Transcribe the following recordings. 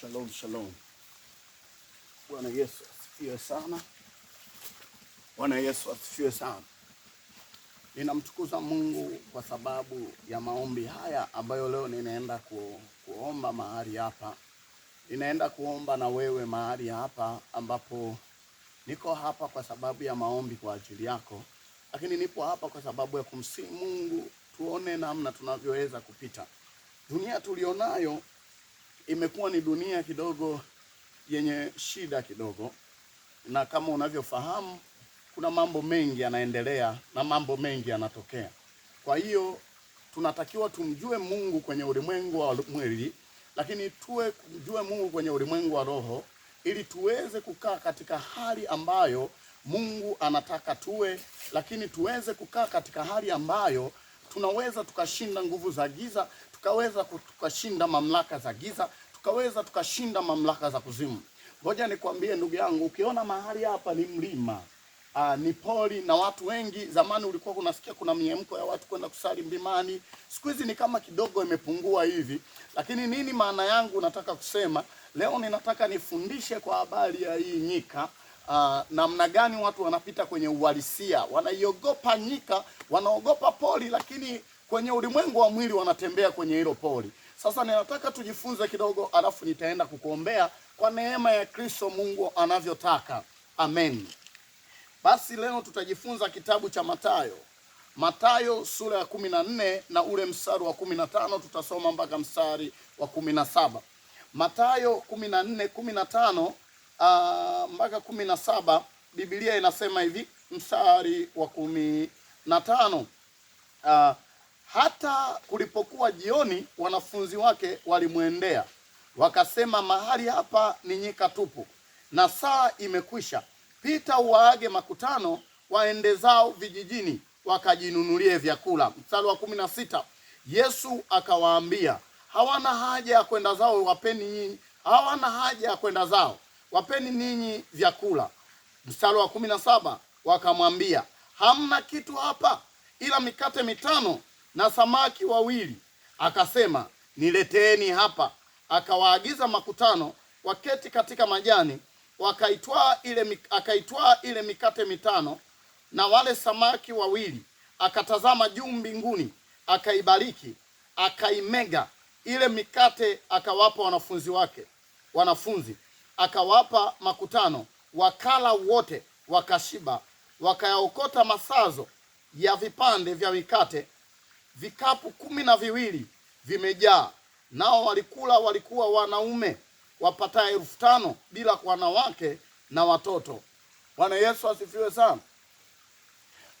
Shalom, shalom. Bwana Yesu asifiwe sana. Bwana Yesu asifiwe sana. Ninamtukuza Mungu kwa sababu ya maombi haya ambayo leo ninaenda ku, kuomba mahali hapa. Ninaenda kuomba na wewe mahali hapa ambapo niko hapa kwa sababu ya maombi kwa ajili yako, lakini nipo hapa kwa sababu ya kumsihi Mungu tuone namna tunavyoweza kupita dunia tulionayo imekuwa ni dunia kidogo yenye shida kidogo, na kama unavyofahamu kuna mambo mengi yanaendelea na mambo mengi yanatokea. Kwa hiyo tunatakiwa tumjue Mungu kwenye ulimwengu wa mwili, lakini tuwe kumjue Mungu kwenye ulimwengu wa roho, ili tuweze kukaa katika hali ambayo Mungu anataka tuwe, lakini tuweze kukaa katika hali ambayo tunaweza tukashinda nguvu za giza tukaweza tukashinda mamlaka za giza, tukaweza tukashinda mamlaka za kuzimu. Ngoja nikwambie ndugu yangu, ukiona mahali hapa ni mlima aa, ah, ni poli na watu wengi. Zamani ulikuwa unasikia kuna miemko ya watu kwenda kusali mlimani, siku hizi ni kama kidogo imepungua hivi. Lakini nini maana yangu nataka kusema leo, ninataka nifundishe kwa habari ya hii nyika Uh, namna gani watu wanapita kwenye uhalisia, wanaiogopa nyika, wanaogopa poli, lakini kwenye ulimwengu wa mwili wanatembea kwenye hilo poli. Sasa ninataka tujifunze kidogo, alafu nitaenda kukuombea kwa neema ya Kristo Mungu anavyotaka. Amen. Basi leo tutajifunza kitabu cha Mathayo, Mathayo sura ya kumi na nne na ule mstari wa kumi na tano tutasoma mpaka mstari wa kumi na saba Mathayo kumi na nne kumi na tano ah, mpaka kumi na saba Biblia inasema hivi, mstari wa kumi na tano ah, hata kulipokuwa jioni, wanafunzi wake walimwendea wakasema, mahali hapa ni nyika tupu na saa imekwisha pita, uwaage makutano waende zao vijijini wakajinunulie vyakula. Mstari wa kumi na sita Yesu akawaambia, hawana haja ya kwenda zao, wapeni nyinyi, hawana haja ya kwenda zao, wapeni ninyi vyakula. Mstari wa kumi na saba wakamwambia, hamna kitu hapa ila mikate mitano na samaki wawili. Akasema, nileteeni hapa. Akawaagiza makutano waketi katika majani, wakaitwaa ile, akaitwaa ile mikate mitano na wale samaki wawili, akatazama juu mbinguni, akaibariki, akaimega ile mikate, akawapa wanafunzi wake wanafunzi, akawapa makutano, wakala wote, wakashiba. Wakayaokota masazo ya vipande vya mikate vikapu kumi na viwili vimejaa, nao walikula walikuwa wanaume wapatao elfu tano bila wanawake na watoto. Bwana Yesu asifiwe sana.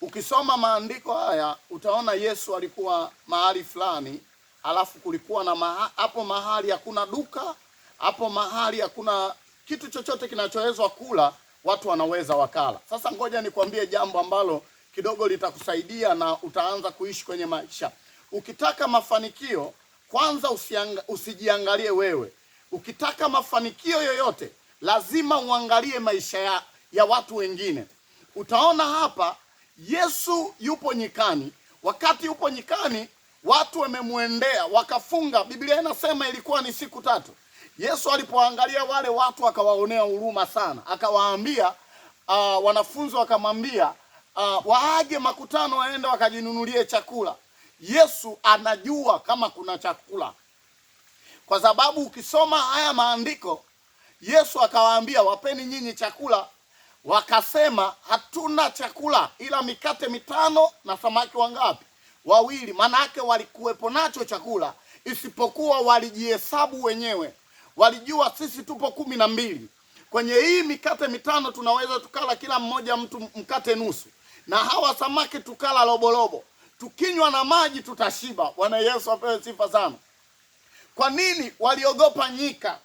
Ukisoma maandiko haya utaona Yesu alikuwa mahali fulani, alafu kulikuwa na maha, hapo mahali hakuna duka, hapo mahali hakuna kitu chochote kinachowezwa kula, watu wanaweza wakala. Sasa ngoja nikwambie jambo ambalo kidogo litakusaidia na utaanza kuishi kwenye maisha. Ukitaka mafanikio kwanza usianga, usijiangalie wewe. Ukitaka mafanikio yoyote lazima uangalie maisha ya, ya watu wengine. Utaona hapa Yesu yupo nyikani. Wakati yupo nyikani watu wamemwendea wakafunga. Biblia inasema ilikuwa ni siku tatu. Yesu alipoangalia wale watu akawaonea huruma sana, akawaambia uh, wanafunzi wakamwambia uh, ah, waage makutano waende wakajinunulie chakula. Yesu anajua kama kuna chakula, kwa sababu ukisoma haya maandiko, Yesu akawaambia wapeni nyinyi chakula, wakasema hatuna chakula ila mikate mitano na samaki wangapi? Wawili. Maana yake walikuwepo nacho chakula, isipokuwa walijihesabu wenyewe. Walijua sisi tupo kumi na mbili, kwenye hii mikate mitano tunaweza tukala kila mmoja mtu mkate nusu na hawa samaki tukala lobolobo, tukinywa na maji tutashiba. Bwana Yesu apewe sifa sana. Kwa nini? Waliogopa nyika,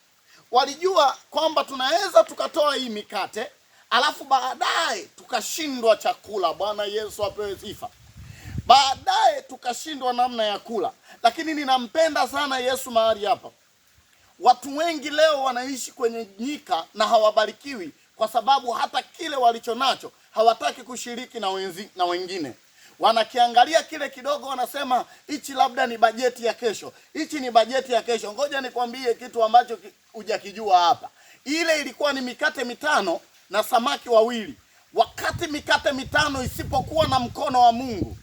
walijua kwamba tunaweza tukatoa hii mikate alafu baadaye tukashindwa chakula. Bwana Yesu apewe sifa. Baadaye tukashindwa namna ya kula, lakini ninampenda sana Yesu mahali hapa. Watu wengi leo wanaishi kwenye nyika na hawabarikiwi kwa sababu hata kile walichonacho hawataki kushiriki na, wenzi, na wengine wanakiangalia kile kidogo, wanasema hichi labda ni bajeti ya kesho, hichi ni bajeti ya kesho. Ngoja nikwambie kitu ambacho hujakijua hapa. Ile ilikuwa ni mikate mitano na samaki wawili. Wakati mikate mitano isipokuwa na mkono wa Mungu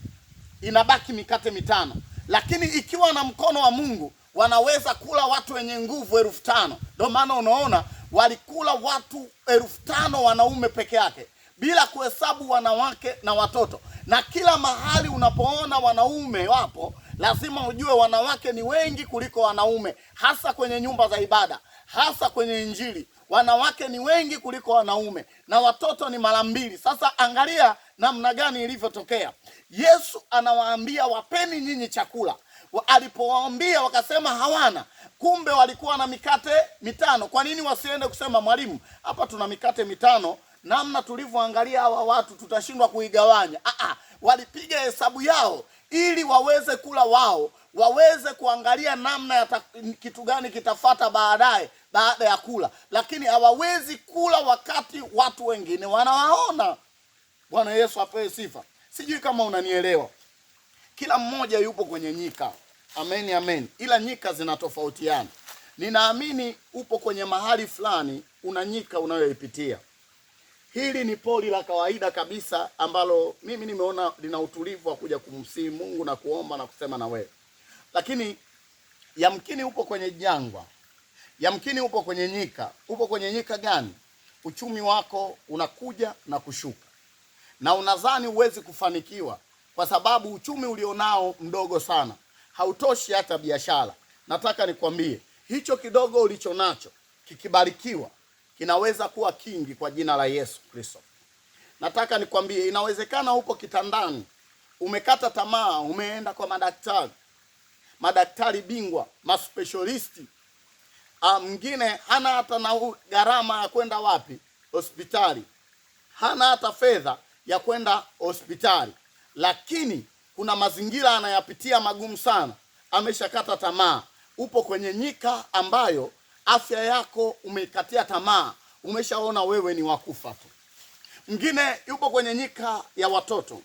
inabaki mikate mitano, lakini ikiwa na mkono wa Mungu wanaweza kula watu wenye nguvu elfu tano. Ndio maana unaona walikula watu elfu tano wanaume peke yake bila kuhesabu wanawake na watoto. Na kila mahali unapoona wanaume wapo, lazima ujue wanawake ni wengi kuliko wanaume, hasa kwenye nyumba za ibada, hasa kwenye Injili wanawake ni wengi kuliko wanaume na watoto ni mara mbili. Sasa angalia namna gani ilivyotokea. Yesu anawaambia wapeni nyinyi chakula. Alipowaambia wakasema hawana, kumbe walikuwa na mikate mitano. Kwa nini wasiende kusema mwalimu, hapa tuna mikate mitano namna tulivyoangalia hawa watu tutashindwa kuigawanya. Ah, ah, walipiga hesabu yao ili waweze kula wao, waweze kuangalia namna ya kitu gani kitafata baadaye baada ya kula, lakini hawawezi kula wakati watu wengine wanawaona. Bwana Yesu apewe sifa. Sijui kama unanielewa. Kila mmoja yupo kwenye nyika, amen, amen, ila nyika zinatofautiana. Ninaamini upo kwenye mahali fulani, una nyika unayoipitia. Hili ni poli la kawaida kabisa ambalo mimi nimeona lina utulivu wa kuja kumsihi Mungu na kuomba na kusema na wewe, lakini yamkini upo kwenye jangwa, yamkini upo kwenye nyika. Upo kwenye nyika gani? Uchumi wako unakuja na kushuka, na unadhani huwezi kufanikiwa kwa sababu uchumi ulionao mdogo sana, hautoshi hata biashara. Nataka nikwambie hicho kidogo ulicho nacho kikibarikiwa kinaweza kuwa kingi kwa jina la Yesu Kristo. Nataka nikwambie, inawezekana huko kitandani, umekata tamaa, umeenda kwa madaktari, madaktari bingwa, maspecialisti. Ah, mwingine hana hata na gharama ya kwenda wapi hospitali, hana hata fedha ya kwenda hospitali, lakini kuna mazingira anayapitia magumu sana, ameshakata tamaa. Upo kwenye nyika ambayo afya yako umeikatia tamaa, umeshaona wewe ni wakufa tu. Mwingine yupo kwenye nyika ya watoto,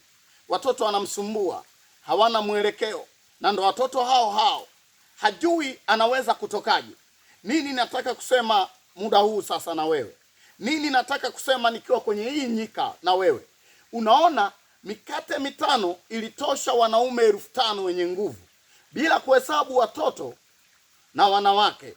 watoto wanamsumbua, hawana mwelekeo, na ndo watoto hao hao, hajui anaweza kutokaje. Nini nataka kusema muda huu sasa na wewe, nini nataka kusema nikiwa kwenye hii nyika na wewe? Unaona, mikate mitano ilitosha wanaume elfu tano wenye nguvu bila kuhesabu watoto na wanawake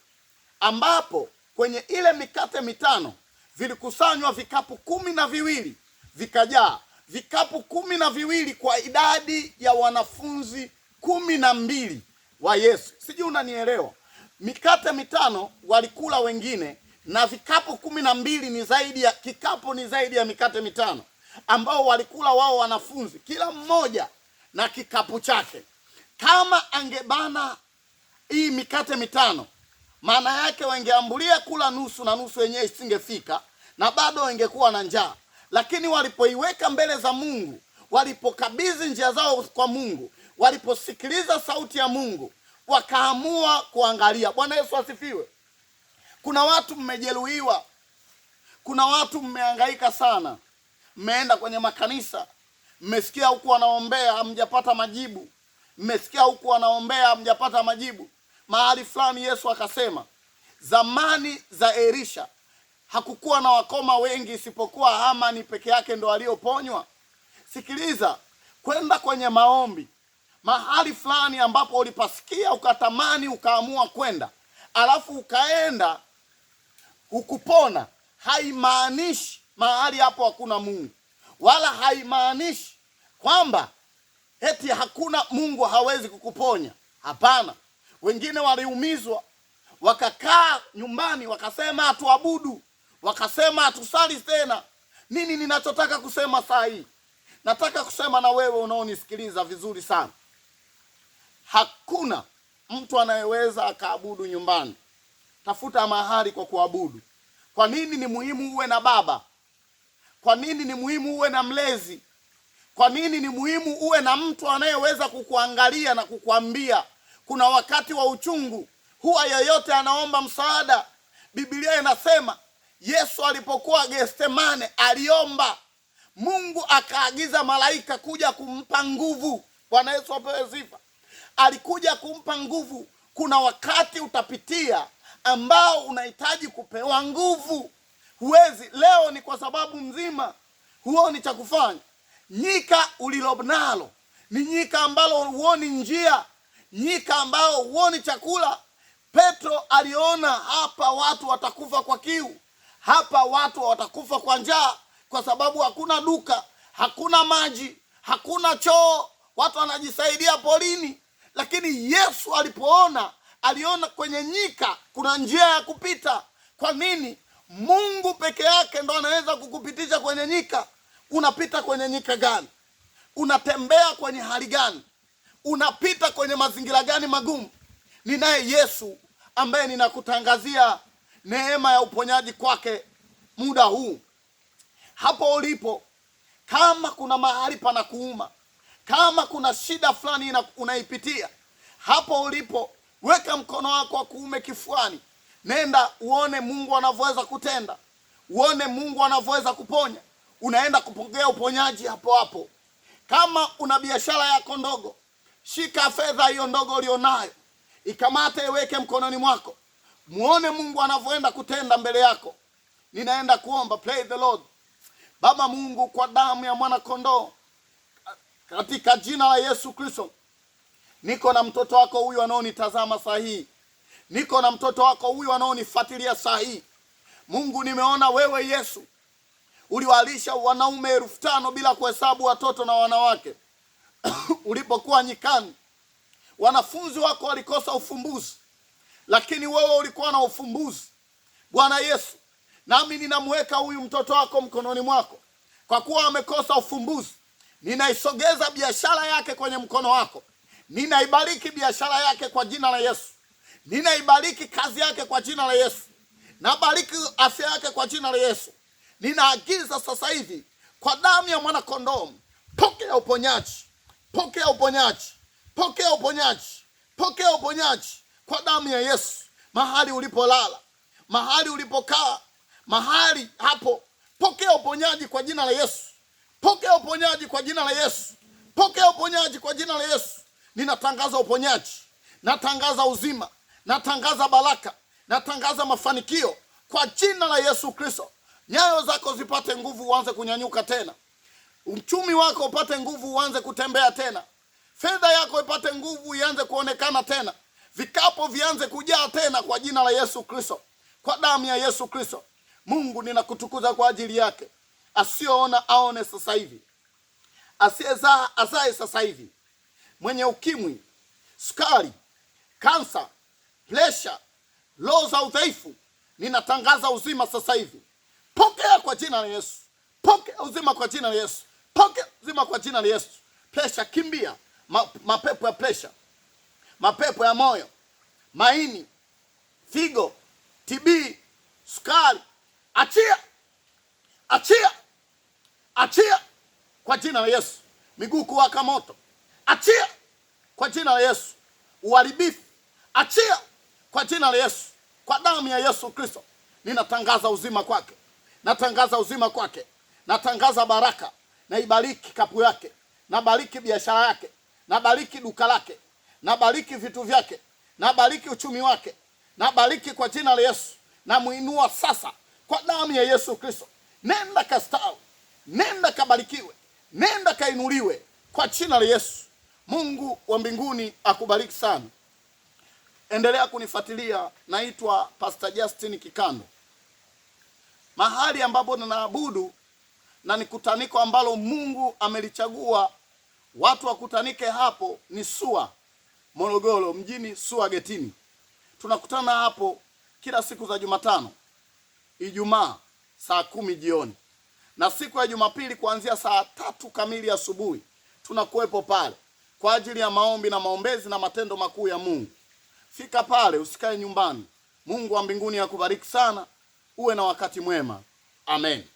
ambapo kwenye ile mikate mitano vilikusanywa vikapu kumi na viwili vikajaa vikapu kumi na viwili kwa idadi ya wanafunzi kumi na mbili wa Yesu. Sijui unanielewa? Mikate mitano walikula wengine, na vikapu kumi na mbili ni zaidi ya kikapu, ni zaidi ya mikate mitano ambao walikula wao wanafunzi, kila mmoja na kikapu chake. Kama angebana hii mikate mitano maana yake wangeambulia kula nusu na nusu yenyewe isingefika, na bado wangekuwa na njaa. Lakini walipoiweka mbele za Mungu, walipokabidhi njia zao kwa Mungu, waliposikiliza sauti ya Mungu, wakaamua kuangalia. Bwana Yesu asifiwe. Kuna watu mmejeruhiwa, kuna watu mmehangaika sana, mmeenda kwenye makanisa, mmesikia huku wanaombea, hamjapata majibu, mmesikia huku wanaombea, hamjapata majibu mahali fulani Yesu akasema, zamani za Elisha hakukuwa na wakoma wengi isipokuwa Hamani peke yake ndo aliyoponywa. Sikiliza, kwenda kwenye maombi mahali fulani ambapo ulipasikia ukatamani ukaamua kwenda, alafu ukaenda ukupona, haimaanishi mahali hapo hakuna Mungu, wala haimaanishi kwamba eti hakuna Mungu hawezi kukuponya. Hapana, wengine waliumizwa wakakaa nyumbani, wakasema hatuabudu, wakasema hatusali tena. Nini ninachotaka kusema saa hii? Nataka kusema na wewe unaonisikiliza vizuri sana, hakuna mtu anayeweza akaabudu nyumbani. Tafuta mahali kwa kuabudu. Kwa nini ni muhimu uwe na baba? Kwa nini ni muhimu uwe na mlezi? Kwa nini ni muhimu uwe na mtu anayeweza kukuangalia na kukuambia kuna wakati wa uchungu, huwa yeyote anaomba msaada. Biblia inasema Yesu alipokuwa Getsemane aliomba, Mungu akaagiza malaika kuja kumpa nguvu. Bwana Yesu apewe sifa, alikuja kumpa nguvu. Kuna wakati utapitia ambao unahitaji kupewa nguvu. Huwezi leo, ni kwa sababu mzima huoni cha kufanya. Nyika ulilonalo ni nyika ambalo huoni njia nyika ambao huoni chakula. Petro aliona hapa watu watakufa kwa kiu, hapa watu watakufa kwa njaa, kwa sababu hakuna duka, hakuna maji, hakuna choo, watu wanajisaidia polini Lakini Yesu alipoona, aliona kwenye nyika kuna njia ya kupita. Kwa nini? Mungu peke yake ndo anaweza kukupitisha kwenye nyika. Unapita kwenye nyika gani? Unatembea kwenye hali gani? unapita kwenye mazingira gani magumu? Ninaye Yesu ambaye ninakutangazia neema ya uponyaji kwake muda huu. Hapo ulipo, kama kuna mahali pana kuuma, kama kuna shida fulani unaipitia, hapo ulipo, weka mkono wako wa kuume kifuani, nenda uone Mungu anavyoweza kutenda, uone Mungu anavyoweza kuponya. Unaenda kupokea uponyaji hapo hapo. Kama una biashara yako ndogo Shika fedha hiyo ndogo ulionayo, ikamate, iweke mkononi mwako, muone Mungu anavyoenda kutenda mbele yako. Ninaenda kuomba. pray the Lord. Baba Mungu, kwa damu ya mwana kondoo, katika jina la Yesu Kristo, niko na mtoto wako huyu anaonitazama saa hii, niko na mtoto wako huyu anaonifuatilia saa hii. Mungu, nimeona wewe Yesu uliwalisha wanaume elfu tano bila kuhesabu watoto na wanawake ulipokuwa nyikani, wanafunzi wako walikosa ufumbuzi, lakini wewe ulikuwa na ufumbuzi. Bwana Yesu, nami ninamweka huyu mtoto wako mkononi mwako, kwa kuwa amekosa ufumbuzi. Ninaisogeza biashara yake kwenye mkono wako, ninaibariki biashara yake kwa jina la Yesu, ninaibariki kazi yake kwa jina la Yesu, nabariki afya yake kwa jina la Yesu. Ninaagiza sasa hivi kwa damu ya mwanakondomu pokea uponyaji Pokea uponyaji, pokea uponyaji, pokea uponyaji kwa damu ya Yesu. Mahali ulipolala, mahali ulipokaa, mahali hapo, pokea uponyaji kwa jina la Yesu. Pokea uponyaji kwa jina la Yesu. Pokea uponyaji kwa jina la Yesu. Ninatangaza uponyaji, natangaza uzima, natangaza baraka, natangaza mafanikio kwa jina la Yesu Kristo. Nyayo zako zipate nguvu, uanze kunyanyuka tena. Uchumi wako upate nguvu, uanze kutembea tena. Fedha yako ipate nguvu, ianze kuonekana tena. Vikapo vianze kujaa tena, kwa jina la Yesu Kristo, kwa damu ya Yesu Kristo. Mungu, ninakutukuza kwa ajili yake. Asiyoona aone sasa hivi, asiyezaa azae sasa hivi, mwenye ukimwi, sukari, kansa, presha, roho za udhaifu, ninatangaza uzima sasa hivi. Pokea kwa jina la Yesu, pokea uzima kwa jina la Yesu. Poke zima kwa jina la Yesu. Presha kimbia, ma, mapepo ya presha, mapepo ya moyo, maini, figo, TB, sukari, achia, achia, achia kwa jina la Yesu. Miguu kuwaka moto, achia kwa jina la Yesu. Uharibifu, achia kwa jina la Yesu. Kwa damu ya Yesu Kristo ninatangaza uzima kwake, natangaza uzima kwake, natangaza baraka na ibariki kapu yake, na bariki biashara yake, na bariki duka lake, na bariki vitu vyake, na bariki uchumi wake, na bariki kwa jina la Yesu. namwinua sasa kwa damu ya Yesu Kristo. Nenda kastawi, nenda kabarikiwe, nenda kainuliwe kwa jina la Yesu. Mungu wa mbinguni akubariki sana. Endelea kunifuatilia. Naitwa Pastor Justin Kikando. Mahali ambapo ninaabudu na ni kutaniko ambalo Mungu amelichagua watu wakutanike hapo, ni SUA Morogoro mjini, SUA Getini. Tunakutana hapo kila siku za Jumatano, Ijumaa saa kumi jioni na siku ya Jumapili kuanzia saa tatu kamili asubuhi tunakuwepo pale kwa ajili ya maombi na maombezi na matendo makuu ya Mungu. Fika pale, usikae nyumbani. Mungu wa mbinguni akubariki sana, uwe na wakati mwema. Amen.